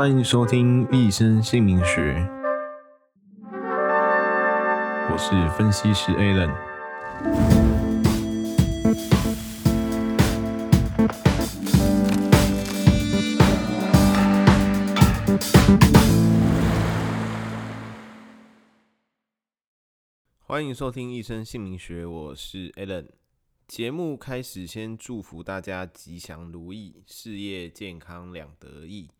歡迎，歡迎收聽《一生姓名學》，我是分析師 Alen。歡迎收聽《一生姓名學》，我是 Alen。節目開始，先祝福大家吉祥如意，事業健康兩得意。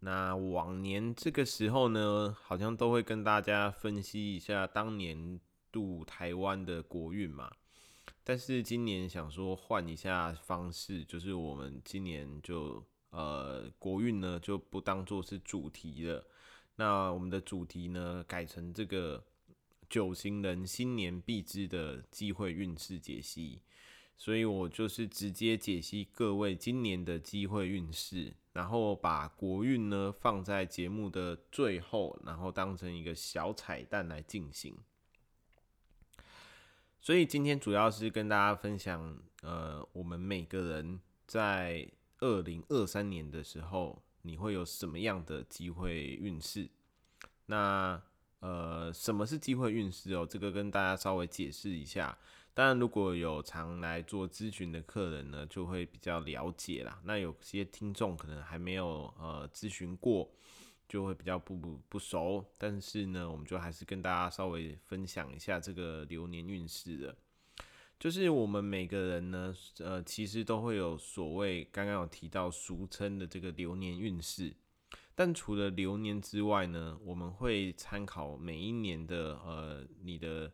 那往年這個時候呢，好像都會跟大家分析一下當年度台灣的國運嘛。但是今年想說換一下方式，就是我們今年就呃國運呢就不當做是主題了。那我們的主題呢改成，這個九型人新年必知的機會運勢解析，所以我就是直接解析各位今年的機會運勢。然後把國運呢放在節目的最後，然後當成一個小彩蛋來進行。所以今天主要是跟大家分享，呃，我們每個人在二零二三年的時候，你會有什麼樣的機會運勢？那呃，什麼是機會運勢哦？這個跟大家稍微解釋一下。當然，如果有常來做諮詢的客人呢，就會比較了解啦。那有些聽眾可能還沒有呃諮詢過，就會比較不不不熟。但是呢，我們就還是跟大家稍微分享一下這個流年運勢的。就是我們每個人呢，呃，其實都會有所謂剛剛有提到俗稱的這個流年運勢。但除了流年之外呢，我們會參考每一年的呃，你的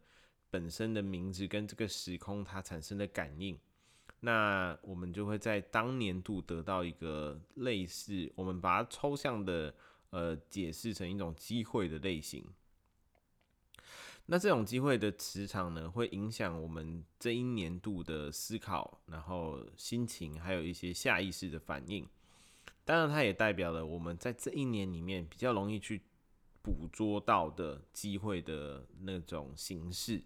本身的名字跟這個時空它產生的感應，那我們就會在當年度得到一個類似，我們把它抽象的呃解釋成一種機會的類型。那這種機會的磁場呢，會影響我們這一年度的思考，然後心情，還有一些下意識的反應。當然，它也代表了我們在這一年裡面比較容易去捕捉到的機會的那種形式。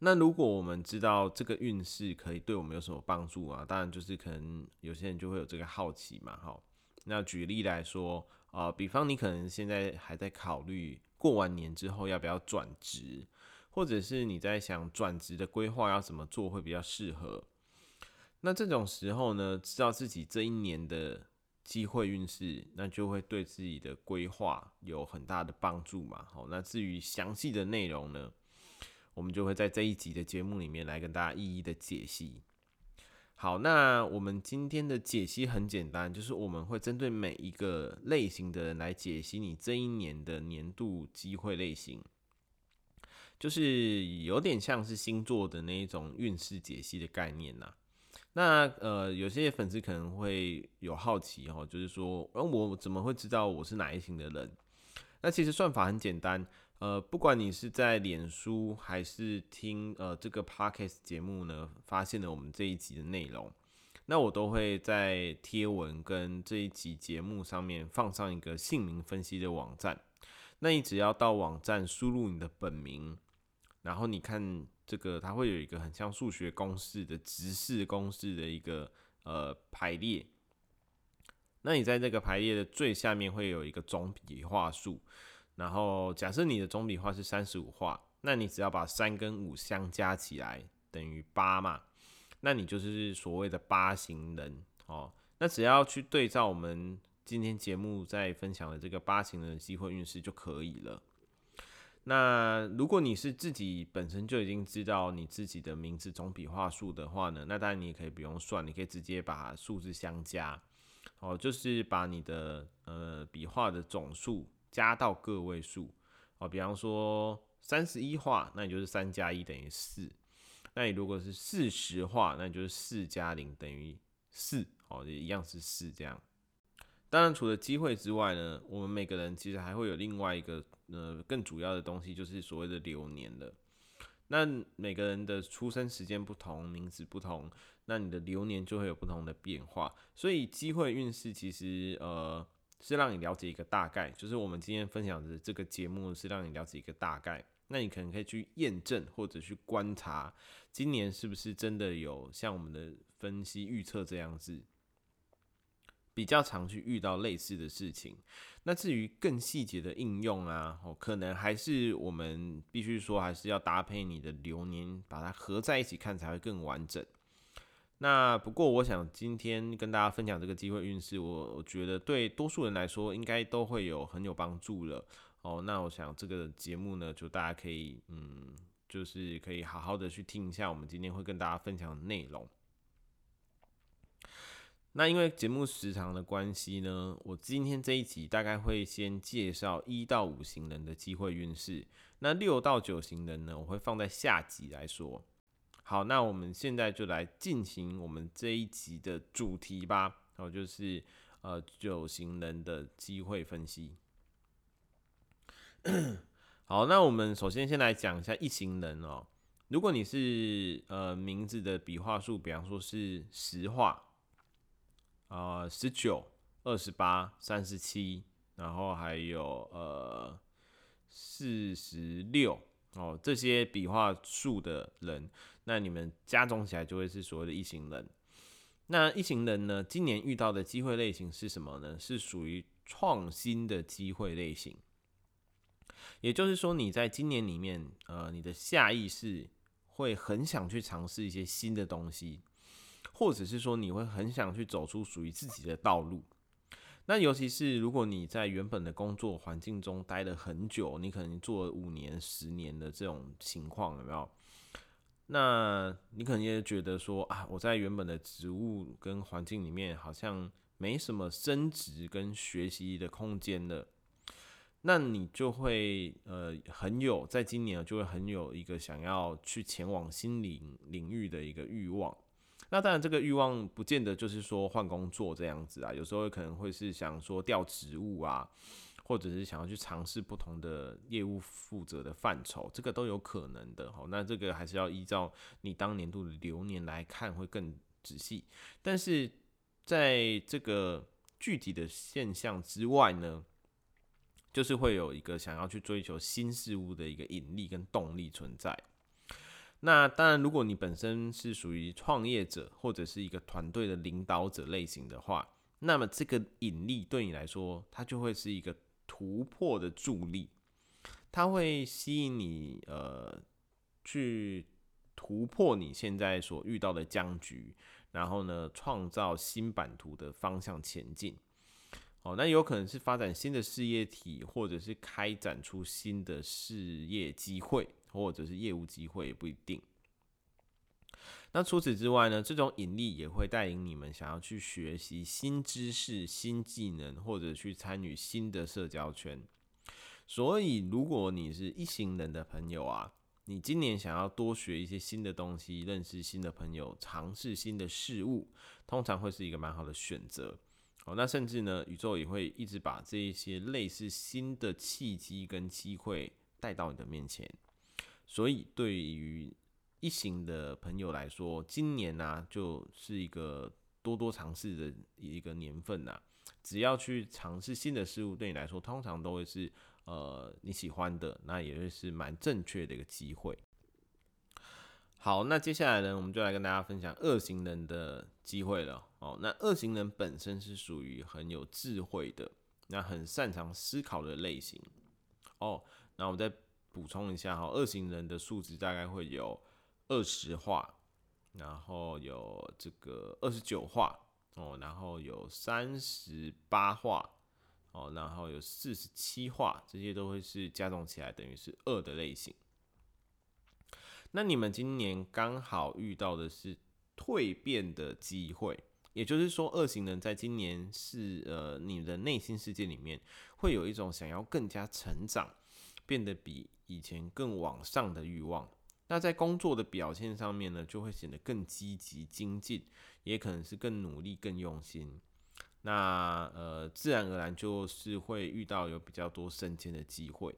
那如果我們知道這個運勢可以對我們有什麼幫助啊？當然，就是可能有些人就會有這個好奇嘛。哈，那舉例來說，呃，比方你可能現在還在考慮過完年之後要不要轉職，或者是你在想轉職的規劃要怎麼做會比較適合。那這種時候呢，知道自己這一年的。機會運勢，那就會對自己的規劃有很大的幫助嘛。好，那至於詳細的內容呢，我們就會在這一集的節目裡面來跟大家一一的解析。好，那我們今天的解析很簡單，就是我們會針對每一個類型的人來解析你這一年的年度機會類型，就是有點像是星座的那一種運勢解析的概念啦、啊。那呃，有些粉絲可能會有好奇哦，就是說，那我怎麼會知道我是哪一型的人？那其實算法很簡單，呃，不管你是在臉書還是聽呃這個 Podcast 節目呢，發現了我們這一集的內容，那我都會在貼文跟這一集節目上面放上一個姓名分析的網站，那你只要到網站輸入你的本名。然後你看這個，它會有一個很像數學公式的直式公式的一個呃排列。那你在這個排列的最下面會有一個總筆畫數。然後假設你的總筆畫是三十五畫，那你只要把三跟五相加起來等於八嘛，那你就是所謂的八型人哦。那只要去對照我們今天節目在分享的這個八型人的機會運勢就可以了。那如果你是自己本身就已經知道你自己的名字總筆畫數的話呢，那當然你也可以不用算，你可以直接把數字相加，哦，就是把你的呃筆畫的總數加到個位數，哦，比方說三十一畫，那你就是三加一等於四，4, 那你如果是四十畫，那你就是四加零等於四，哦，4, 也一樣是四這樣。當然除了機會之外呢，我們每個人其實還會有另外一個。呃，更主要的東西就是所謂的流年了。那每個人的出生時間不同，名字不同，那你的流年就會有不同的變化。所以機會運勢其實呃是讓你了解一個大概，就是我們今天分享的這個節目是讓你了解一個大概。那你可能可以去驗證或者去觀察，今年是不是真的有像我們的分析預測這樣子。比較常去遇到類似的事情，那至於更細節的應用啊，哦，可能還是我們必須說還是要搭配你的流年，把它合在一起看才會更完整。那不過，我想今天跟大家分享這個機會運勢，我我覺得對多數人來說應該都會有很有幫助的哦。那我想這個節目呢，就大家可以嗯，就是可以好好的去聽一下我們今天會跟大家分享的內容。那因為節目時長的關係呢，我今天這一集大概會先介紹一到五型人的機會運勢。那六到九型人呢，我會放在下集來說。好，那我們現在就來進行我們這一集的主題吧。好、哦，就是呃九型人的機會分析。 好，那我們首先先來講一下一型人哦。如果你是呃名字的筆畫數，比方說是十畫啊，十九、呃、二十八、三十七，然後還有呃四十六哦，這些筆畫數的人，那你們加總起來就會是所謂的一型人。那一型人呢，今年遇到的機會類型是什麼呢？是屬於創新的機會類型，也就是說，你在今年裡面，呃，你的下意識會很想去嘗試一些新的東西。或者是說，你會很想去走出屬於自己的道路。那尤其是如果你在原本的工作環境中待了很久，你可能做了五年、十年的這種情況，有沒有？那你可能也覺得說啊，我在原本的職務跟環境裡面，好像沒什麼升職跟學習的空間了。那你就會呃，很有在今年就會很有一個想要去前往新領領域的一個慾望。那當然，這個慾望不見得就是說換工作這樣子啊，有時候可能會是想說調職務啊，或者是想要去嘗試不同的業務負責的範疇，這個都有可能的。好，那這個還是要依照你當年度的流年來看，會更仔細。但是在這個具體的現象之外呢，就是會有一個想要去追求新事物的一個引力跟動力存在。那當然，如果你本身是屬於創業者或者是一個團隊的領導者類型的話，那麼這個引力對你來說，它就會是一個突破的助力，它會吸引你呃去突破你現在所遇到的僵局，然後呢，創造新版圖的方向前進。哦，那有可能是發展新的事業體，或者是開展出新的事業機會。或者是業務機會也不一定。那除此之外呢，這種引力也會帶領你們想要去學習新知識、新技能，或者去參與新的社交圈。所以，如果你是一型人的朋友啊，你今年想要多學一些新的東西，認識新的朋友，嘗試新的事物，通常會是一個蠻好的選擇。哦，那甚至呢，宇宙也會一直把這一些類似新的契機跟機會帶到你的面前。所以，對於一型的朋友來說，今年呢、啊，就是一個多多嘗試的一個年份呐、啊。只要去嘗試新的事物，對你來說，通常都會是呃你喜歡的，那也會是蠻正確的一個機會。好，那接下來呢，我們就來跟大家分享二型人的機會了。哦，那二型人本身是屬於很有智慧的，那很擅長思考的類型。哦，那我們在。補充一下哈，二型人的數值大概會有二十畫，然後有這個二十九畫哦，然後有三十八畫哦，然後有四十七畫，這些都會是加總起來等於是二的類型。那你們今年剛好遇到的是蛻變的機會，也就是說，二型人在今年是呃，你的內心世界裡面會有一種想要更加成長。變得比以前更往上的慾望，那在工作的表現上面呢，就會顯得更積極、精進，也可能是更努力、更用心。那呃，自然而然就是會遇到有比較多升遷的機會。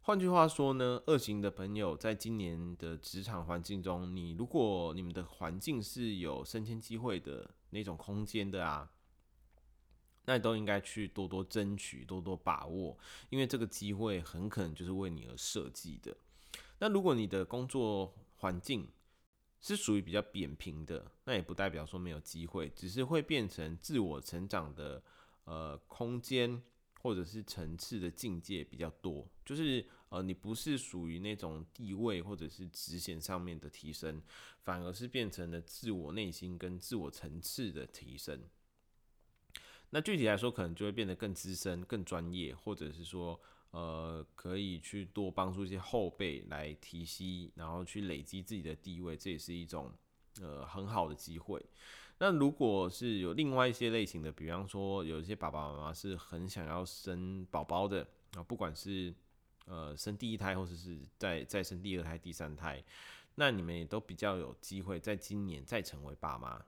換句話說呢，二型的朋友，在今年的職場環境中，你如果你們的環境是有升遷機會的那種空間的啊。那你都應該去多多爭取、多多把握，因為這個機會很可能就是為你而設計的。那如果你的工作環境是屬於比較扁平的，那也不代表說沒有機會，只是會變成自我成長的呃空間或者是層次的境界比較多。就是呃，你不是屬於那種地位或者是職銜上面的提升，反而是變成了自我內心跟自我層次的提升。那具體來說，可能就會變得更資深、更專業，或者是說，呃，可以去多幫助一些後輩來提攜，然後去累積自己的地位，這也是一種呃很好的機會。那如果是有另外一些類型的，比方說有一些爸爸媽媽是很想要生寶寶的，啊，不管是呃生第一胎，或者是再再，再生第二胎、第三胎，那你們也都比較有機會在今年再成為爸媽，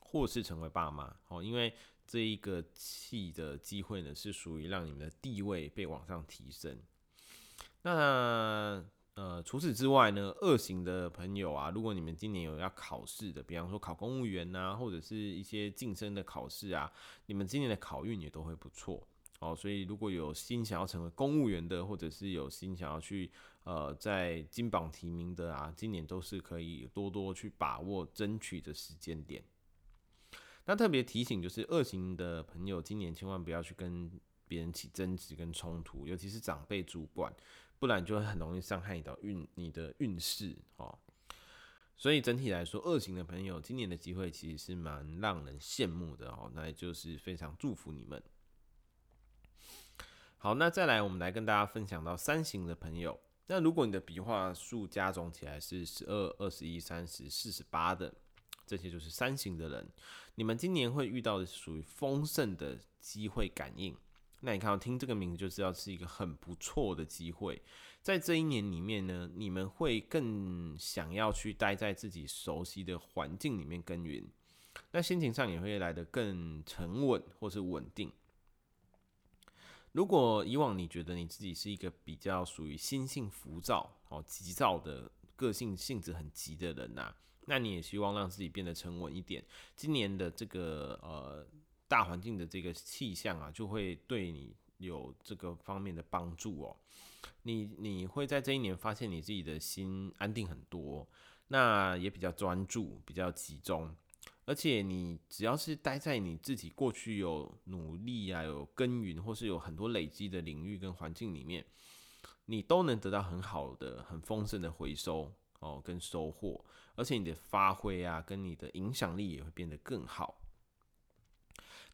或是成為爸媽哦，因為。這一個氣的機會呢，是屬於讓你們的地位被往上提升。那呃，除此之外呢，二型的朋友啊，如果你們今年有要考試的，比方說考公務員吶、啊，或者是一些晉升的考試啊，你們今年的考運也都會不錯哦。所以如果有心想要成為公務員的，或者是有心想要去呃在金榜題名的啊，今年都是可以多多去把握、爭取的時間點。那特別提醒就是，二型的朋友今年千萬不要去跟別人起爭執跟衝突，尤其是長輩主管，不然就會很容易傷害你到運你的運勢哦。所以整體來說，二型的朋友今年的機會其實是蠻讓人羨慕的哦，那也就是非常祝福你們。好，那再來我們來跟大家分享到三型的朋友，那如果你的筆畫數加總起來是十二、二十一、三十、四十八的。這些就是三型的人，你們今年會遇到的是屬於豐盛的機會感應。那你看到聽這個名字就知道是一個很不錯的機會。在這一年裡面呢，你們會更想要去待在自己熟悉的環境裡面耕耘，那心情上也會來得更沉穩或是穩定。如果以往你覺得你自己是一個比較屬於心性浮躁、哦急躁的個性、性子很急的人吶、啊。那你也希望讓自己變得沉穩一點。今年的這個呃大環境的這個氣象啊，就會對你有這個方面的幫助哦。你你會在這一年發現你自己的心安定很多，那也比較專注、比較集中。而且你只要是待在你自己過去有努力啊，有耕耘，或是有很多累積的領域跟環境裡面，你都能得到很好的、很豐盛的回收。哦，跟收穫，而且你的發揮啊，跟你的影響力也會變得更好。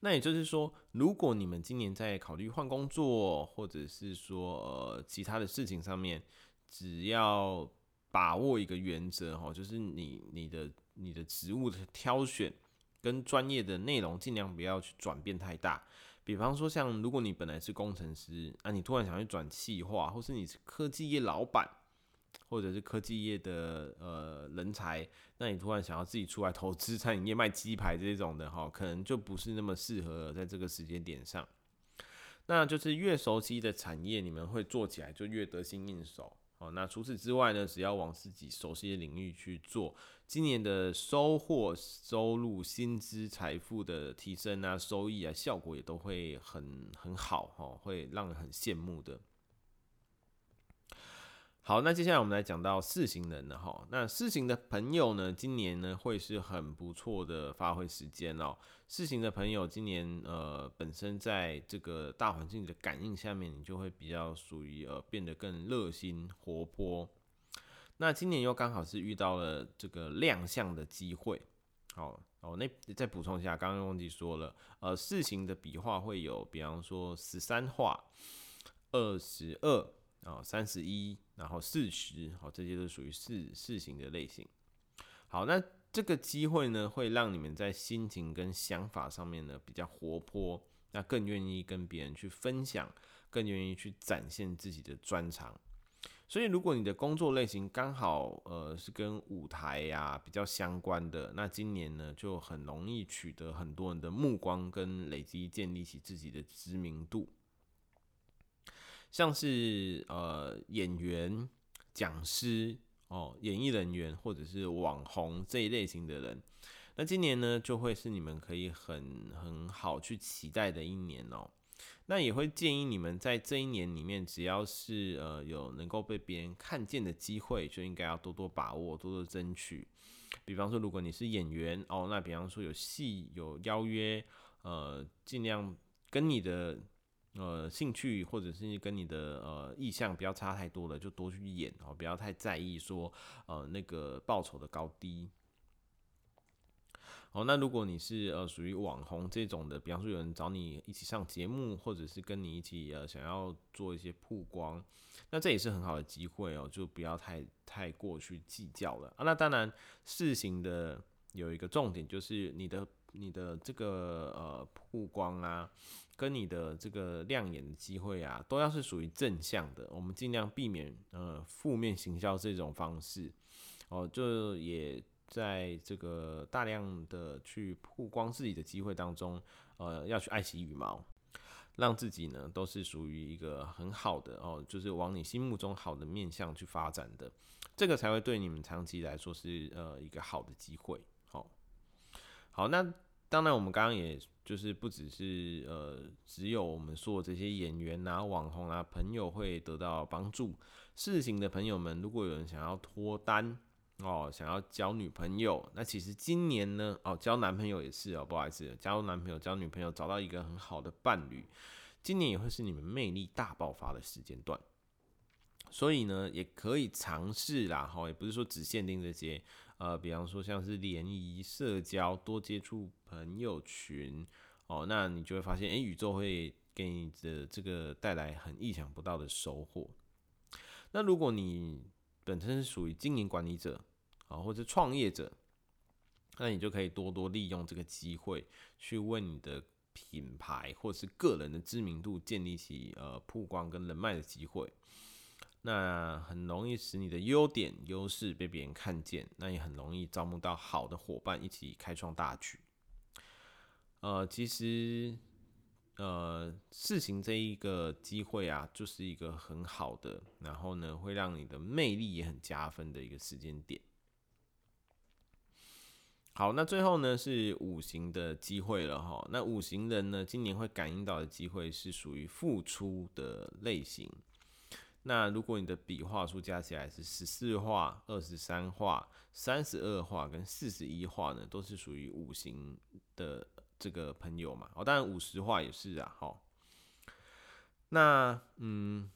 那也就是說，如果你們今年在考慮換工作，或者是說呃其他的事情上面，只要把握一個原則哈、哦，就是你你的你的職務的挑選跟專業的內容，儘量不要去轉變太大。比方說，像如果你本來是工程師，啊，你突然想要去轉企劃，或是你是科技業老闆。或者是科技業的呃人才，那你突然想要自己出來投資餐飲業賣雞排這種的哈，可能就不是那麼適合在這個時間點上。那就是越熟悉的產業，你們會做起來就越得心應手哦。那除此之外呢，只要往自己熟悉的領域去做，今年的收穫、收入、薪資、財富的提升啊，收益啊，效果也都會很很好哈，會讓人很羨慕的。好，那接下來我們來講到四型人了齁。那四型的朋友呢，今年呢會是很不錯的發揮時間哦、喔。四型的朋友今年呃，本身在這個大環境的感應下面，你就會比較屬於呃變得更熱心活潑。那今年又剛好是遇到了這個亮相的機會。好，哦，那再補充一下，剛剛忘記說了，呃，四型的筆畫會有，比方說十三畫、二十二。哦，三十一，然後四十，好，這些都屬於四四型的類型。好，那這個機會呢，會讓你們在心情跟想法上面呢比較活潑，那更願意跟別人去分享，更願意去展現自己的專長。所以，如果你的工作類型剛好呃是跟舞台呀、啊、比較相關的，那今年呢就很容易取得很多人的目光，跟累積建立起自己的知名度。像是呃演員、講師哦、演藝人員或者是網紅這一類型的人，那今年呢就會是你們可以很很好去期待的一年哦。那也會建議你們在這一年裡面，只要是呃有能夠被別人看見的機會，就應該要多多把握、多多爭取。比方說，如果你是演員哦，那比方說有戲有邀約，呃，盡量跟你的。呃，興趣或者是跟你的呃意向不要差太多了，就多去演哦，不要太在意說呃那個報酬的高低。好，哦，那如果你是呃屬於網紅這種的，比方說有人找你一起上節目，或者是跟你一起呃想要做一些曝光，那這也是很好的機會哦，就不要太太過去計較了啊。那當然，事情的有一個重點就是你的。你的這個呃曝光啊，跟你的這個亮眼的機會啊，都要是屬於正向的。我們盡量避免呃負面行銷這種方式。哦，就也在這個大量的去曝光自己的機會當中，呃，要去愛惜羽毛，讓自己呢都是屬於一個很好的哦，就是往你心目中好的面向去發展的，這個才會對你們長期來說是呃一個好的機會。好、哦。好，那當然，我們剛剛也就是不只是呃，只有我們說這些演員啊、網紅啊、朋友啊、朋友會得到幫助。四型的朋友們，如果有人想要脫單哦，想要交女朋友，那其實今年呢，哦，交男朋友也是哦，不好意思，交男朋友、交女朋友，找到一個很好的伴侶，今年也會是你們魅力大爆發的時間段。所以呢，也可以嘗試啦，哈、哦，也不是說只限定這些。呃，比方說像是聯誼、社交、多接觸朋友群，哦，那你就會發現，誒，宇宙會給你的這個帶來很意想不到的收穫。那如果你本身是屬於經營管理者，啊、哦，或者創業者，那你就可以多多利用這個機會，去為你的品牌或是個人的知名度建立起呃曝光跟人脈的機會。那很容易使你的優點、優勢被別人看見，那也很容易招募到好的夥伴一起開創大局。呃，其實，呃，四型這一個機會啊，就是一個很好的，然後呢，會讓你的魅力也很加分的一個時間點。好，那最後呢是五型的機會了哈。那五型人呢，今年會感應到的機會是屬於付出的類型。那如果你的筆畫數加起來是十四畫、二十三畫、三十二畫跟四十一畫呢，都是屬於五型的這個朋友嘛？哦，當然五十畫也是啊，好。那嗯。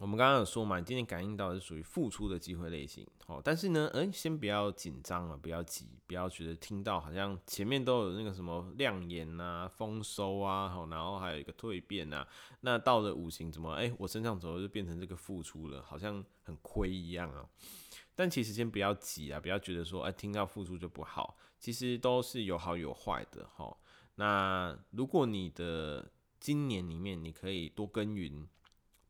我們剛剛有說嘛，你今天感應到的是屬於付出的機會類型，好，但是呢，誒、欸，先不要緊張啊，不要急，不要覺得聽到好像前面都有那個什麼亮眼吶、啊、豐收啊，好，然後還有一個蛻變吶、啊，那到了五型怎麼哎、欸，我身上怎麼就變成這個付出了，好像很虧一樣啊？但其實先不要急啊，不要覺得說誒、欸，聽到付出就不好，其實都是有好有壞的哈。那如果你的今年裡面，你可以多耕耘。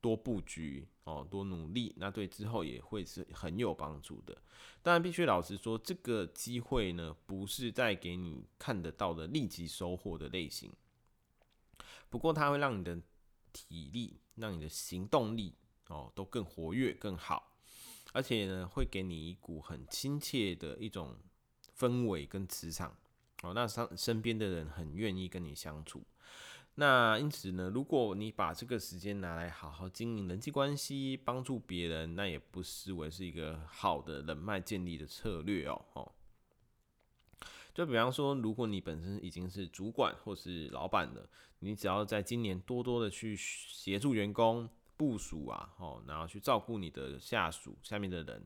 多布局哦，多努力，那對之後也會是很有幫助的。當然，必須老實說，這個機會呢，不是在給你看得到的立即收穫的類型。不過，它會讓你的體力、讓你的行動力哦都更活躍、更好，而且呢，會給你一股很親切的一種氛圍跟磁場哦。那身身邊的人很願意跟你相處。那因此呢，如果你把這個時間拿來好好經營人際關係，幫助別人，那也不失為是一個好的人脈建立的策略哦。哦，就比方說，如果你本身已經是主管或是老闆了，你只要在今年多多的去協助員工部屬啊，哦，然後去照顧你的下屬下面的人，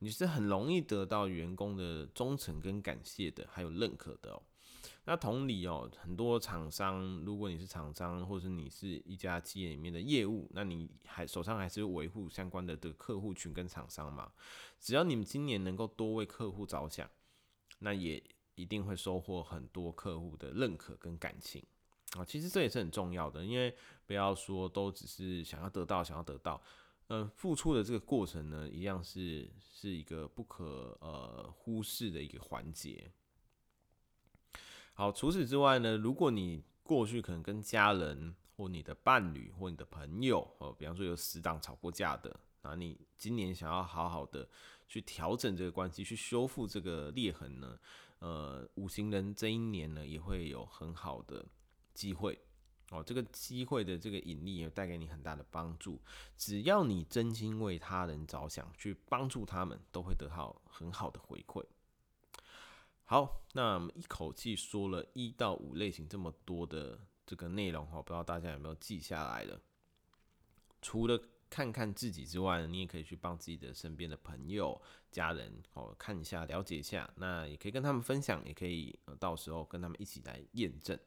你是很容易得到員工的忠誠跟感謝的，還有認可的哦、喔。那同理哦，很多廠商，如果你是廠商，或是你是一家企業裡面的業務，那你還手上還是維護相關的的客戶群跟廠商嘛。只要你們今年能夠多為客戶着想，那也一定會收穫很多客戶的認可跟感情啊。其實這也是很重要的，因為不要說都只是想要得到想要得到，嗯，付出的這個過程呢，一樣是是一個不可呃忽視的一個環節。好，除此之外呢，如果你過去可能跟家人或你的伴侶或你的朋友，哦、呃，比方說有死黨吵過架的，那你今年想要好好的去調整這個關係，去修復這個裂痕呢，呃，五型人這一年呢，也會有很好的機會哦。這個機會的這個引力也帶給你很大的幫助。只要你真心為他人着想，去幫助他們，都會得到很好的回饋。好，那我們一口氣說了一到五類型這麼多的這個內容哈，不知道大家有沒有記下來了？除了看看自己之外，你也可以去幫自己的身邊的朋友、家人哦，看一下、了解一下。那也可以跟他們分享，也可以到時候跟他們一起來驗證。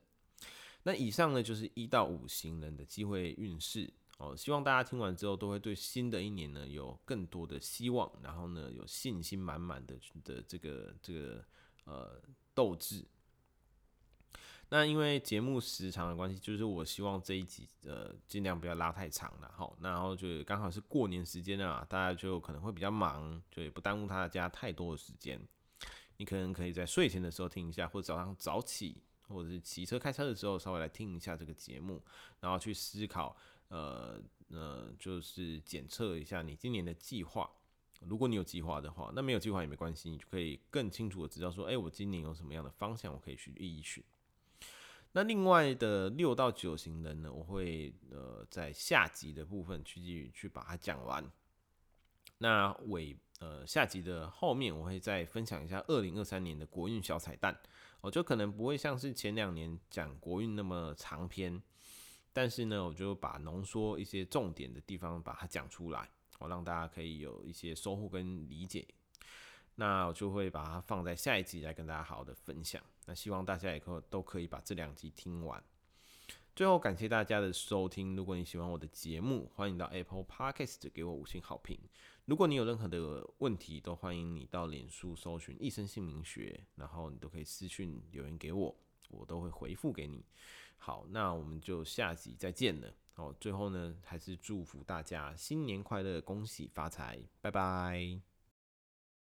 那以上呢，就是一到五型人的機會運勢哦，希望大家聽完之後都會對新的一年呢，有更多的希望，然後呢，有信心滿滿的的這個這個。呃，鬥志。那因為節目時長的關係，就是我希望這一集呃儘量不要拉太長了，好，然後就剛好是過年時間啊，大家就可能會比較忙，就也不耽誤大家太多的時間。你可能可以在睡前的時候聽一下，或早上早起，或者是騎車開車的時候，稍微來聽一下這個節目，然後去思考，呃呃，就是檢測一下你今年的計劃。如果你有計劃的話，那沒有計劃也沒關係，你就可以更清楚的知道說，哎、欸，我今年有什麼樣的方向，我可以去一一選。那另外的六到九型人呢，我會呃在下集的部分去繼續去把它講完。那尾呃下集的後面，我會再分享一下二零二三年的國運小彩蛋。我就可能不會像是前兩年講國運那麼長篇，但是呢，我就把濃縮一些重點的地方把它講出來。我讓大家可以有一些收穫跟理解，那我就會把它放在下一集來跟大家好好的分享。那希望大家以後都可以把這兩集聽完。最後感謝大家的收聽，如果你喜歡我的節目，歡迎到 Apple Podcast 給我五星好評。如果你有任何的問題，都歡迎你到臉書搜尋一生姓名學，然後你都可以私訊留言給我，我都會回復給你。好，那我們就下集再見了。哦，最後呢，還是祝福大家新年快樂，恭喜發財，拜拜。